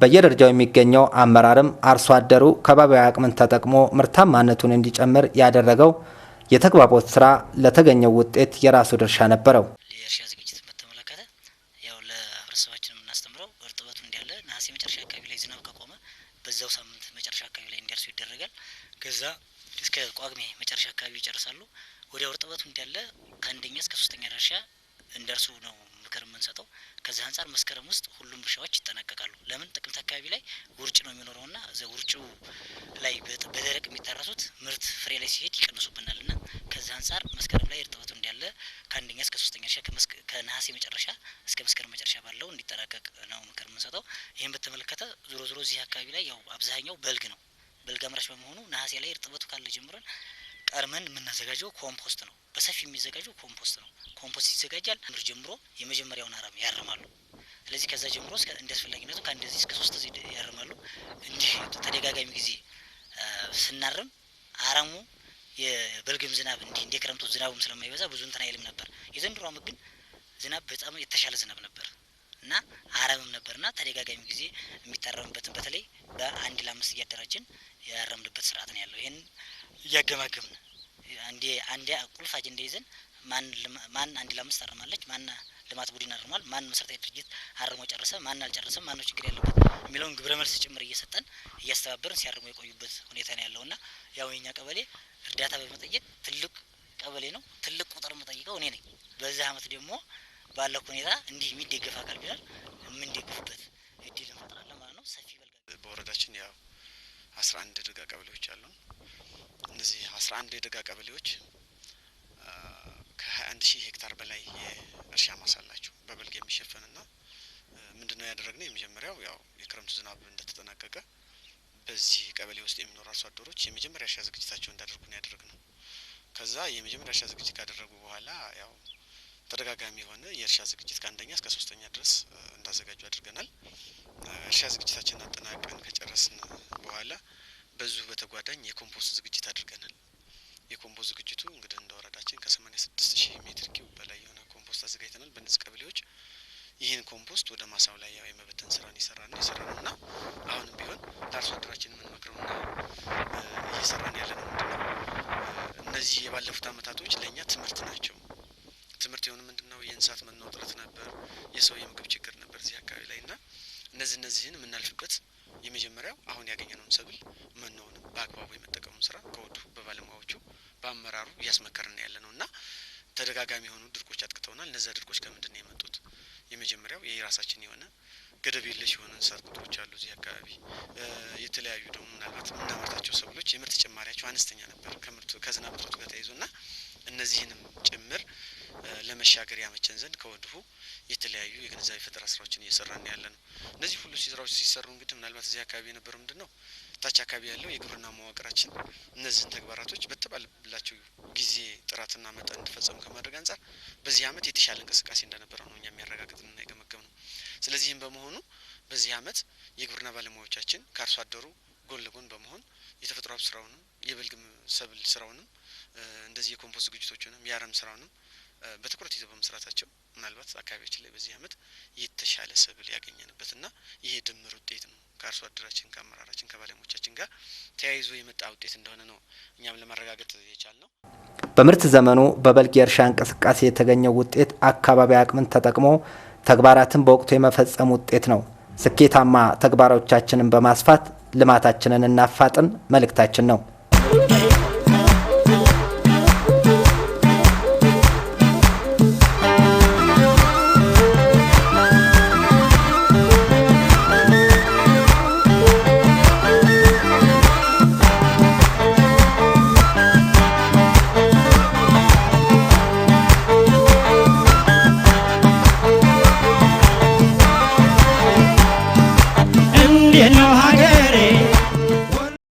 በየደረጃው የሚገኘው አመራርም አርሶ አደሩ ከባቢያዊ አቅምን ተጠቅሞ ምርታማነቱን እንዲጨምር ያደረገው የተግባቦት ስራ ለተገኘው ውጤት የራሱ ድርሻ ነበረው። የእርሻ ዝግጅት በተመለከተ ያው ለህብረተሰባችን የምናስተምረው እርጥበቱ እንዳለ ነሐሴ መጨረሻ አካባቢ ላይ ዝናብ ከቆመ በዛው ሳምንት መጨረሻ አካባቢ ላይ እንዲያርሱ ይደረጋል። ከዛ እስከ ቋግሜ መጨረሻ አካባቢ ይጨርሳሉ። ወዲያው እርጥበቱ እንዳለ ከአንደኛ እስከ ሶስተኛ ደርሻ እንዲያርሱ ነው ምክር የምንሰጠው። ከዚህ አንጻር መስከረም ውስጥ ሁሉም እርሻዎች ይጠናቀቃሉ። ለምን ጥቅምት አካባቢ ላይ ውርጭ ነው እዚ ውርጩ ላይ በደረቅ የሚታረሱት ምርት ፍሬ ላይ ሲሄድ ይቀንሱብናል እና ከዚህ አንጻር መስከረም ላይ እርጥበቱ እንዳለ ከአንደኛ እስከ ሶስተኛ እርሻ ከነሐሴ መጨረሻ እስከ መስከረም መጨረሻ ባለው እንዲጠናቀቅ ነው ምክር የምንሰጠው። ይህን በተመለከተ ዞሮ ዞሮ እዚህ አካባቢ ላይ ያው አብዛኛው በልግ ነው። በልግ አምራች በመሆኑ ነሐሴ ላይ እርጥበቱ ካለ ጀምረን ቀርመን የምናዘጋጀው ኮምፖስት ነው። በሰፊ የሚዘጋጀው ኮምፖስት ነው። ኮምፖስት ይዘጋጃል። ምር ጀምሮ የመጀመሪያውን አረም ያርማሉ። ስለዚህ ከዛ ጀምሮ እንደ አስፈላጊነቱ ከአንደዚህ እስከ ሶስት ጊዜ ያርማሉ። እንዲህ ተደጋጋሚ ጊዜ ስናርም አረሙ የበልግም ዝናብ እንዲህ እንደ ክረምቱ ዝናቡም ስለማይበዛ ብዙ እንትን አይልም ነበር። የዘንድሮ አመት ግን ዝናብ በጣም የተሻለ ዝናብ ነበር እና አረምም ነበርና ተደጋጋሚ ጊዜ የሚታረምበትን በተለይ በአንድ ለአምስት እያደራጅን ያረምንበት ስርዓት ነው ያለው። ይህን እያገማገምን አንዴ አንዴ ቁልፍ አጀንዳ ይዘን ማን አንድ ለአምስት አርማለች፣ ማን ልማት ቡድን አርሟል፣ ማን መሰረታዊ ድርጅት አርሞ ጨረሰ፣ ማን አልጨረሰም፣ ማን ነው ችግር ያለበት የሚለውን ግብረ መልስ ጭምር እየሰጠን እያስተባበርን ሲያርሙ የቆዩበት ሁኔታ ነው ያለውና ያው የኛ ቀበሌ እርዳታ በመጠየቅ ትልቅ ቀበሌ ነው። ትልቅ ቁጥር የምጠይቀው እኔ ነኝ። በዚህ አመት ደግሞ ባለው ሁኔታ እንዲህ የሚደገፍ አካል ቢኖር የምንደግፍበት እድል እንፈጥራለን ማለት ነው። ሰፊ በልጋ በወረዳችን ያው አስራ አንድ የደጋ ቀበሌዎች አሉ። እነዚህ አስራ አንድ የደጋ ቀበሌዎች አንድ ሺህ ሄክታር በላይ የእርሻ ማሳ አላቸው በበልግ ነው ያደረግ ነው የመጀመሪያው ያው የክረምቱ ዝናብ እንደተጠናቀቀ በዚህ ቀበሌ ውስጥ የሚኖሩ አርሶ አደሮች የመጀመሪያ እርሻ ዝግጅታቸው እንዳደርጉ ነው ነው ከዛ የመጀመሪያ እርሻ ዝግጅት ካደረጉ በኋላ ያው ተደጋጋሚ የሆነ የእርሻ ዝግጅት ከአንደኛ እስከ ሶስተኛ ድረስ እንዳዘጋጁ አድርገናል። እርሻ ዝግጅታችን አጠናቀን ከጨረስን በኋላ በዙ በተጓዳኝ የኮምፖስት ዝግጅት አድርገናል። የኮምፖስት ዝግጅቱ እንግዲህ በቤታችን ከ86 ሺህ ሜትር ኪዩብ በላይ የሆነ ኮምፖስት አዘጋጅተናል። በነዚህ ቀበሌዎች ይህን ኮምፖስት ወደ ማሳው ላይ ያው የመበተን ስራን የሰራ ነው የሰራ ነው እና አሁንም ቢሆን ለአርሶ አደራችን የምንመክረው ና እየሰራን ያለ ነው ምንድን ነው እነዚህ የባለፉት አመታቶች ለእኛ ትምህርት ናቸው። ትምህርት የሆኑ ምንድን ነው የእንስሳት መኖ እጥረት ነበር፣ የሰው የምግብ ችግር ነበር እዚህ አካባቢ ላይ እና እነዚህ እነዚህን የምናልፍበት የመጀመሪያው አሁን ያገኘነውን ሰብል መኖውንም በአግባቡ የመጠቀሙን ስራ ከወዱ በባለሙያዎቹ በአመራሩ እያስመከርን ያለ ነው እና ተደጋጋሚ የሆኑ ድርቆች አጥቅተውናል። እነዚያ ድርቆች ከምንድን ነው የመጡት? የመጀመሪያው የራሳችን የሆነ ገደብ የለሽ የሆነ ቁጥሮች አሉ እዚህ አካባቢ። የተለያዩ ደግሞ ምናልባት የምናመርታቸው ሰብሎች የምርት ጭማሪያቸው አነስተኛ ነበር ከምርቱ ከዝናብ እጥረቱ ጋር ተያይዞ ና እነዚህንም ጭምር ለመሻገር ያመቸን ዘንድ ከወዲሁ የተለያዩ የግንዛቤ ፈጠራ ስራዎችን እየሰራን ያለ ነው። እነዚህ ሁሉ ስራዎች ሲሰሩ እንግዲህ ምናልባት እዚህ አካባቢ የነበረው ምንድን ነው ታች አካባቢ ያለው የግብርና መዋቅራችን እነዚህን ተግባራቶች በተባለላቸው ጊዜ ጥራትና መጠን እንዲፈጸሙ ከማድረግ አንጻር በዚህ አመት የተሻለ እንቅስቃሴ እንደነበረው ነው እኛ የሚያረጋግጥና የገመገም ነው። ስለዚህም በመሆኑ በዚህ አመት የግብርና ባለሙያዎቻችን ከአርሶ አደሩ ጎን ለጎን በመሆን የተፈጥሮ ሀብት ስራውንም የበልግም ሰብል ስራውንም እንደዚህ የኮምፖስት ዝግጅቶችንም የአረም ስራውንም በትኩረት ይዘው በመስራታቸው ምናልባት አካባቢያችን ላይ በዚህ አመት የተሻለ ሰብል ያገኘንበትና ይሄ ድምር ውጤት ነው ከአርሶ አደራችን ከአመራራችን ከባለሙያዎቻችን ጋር ተያይዞ የመጣ ውጤት እንደሆነ ነው እኛም ለማረጋገጥ የቻል ነው። በምርት ዘመኑ በበልግ የእርሻ እንቅስቃሴ የተገኘው ውጤት አካባቢ አቅምን ተጠቅሞ ተግባራትን በወቅቱ የመፈጸም ውጤት ነው። ስኬታማ ተግባሮቻችንን በማስፋት ልማታችንን እናፋጥን መልእክታችን ነው።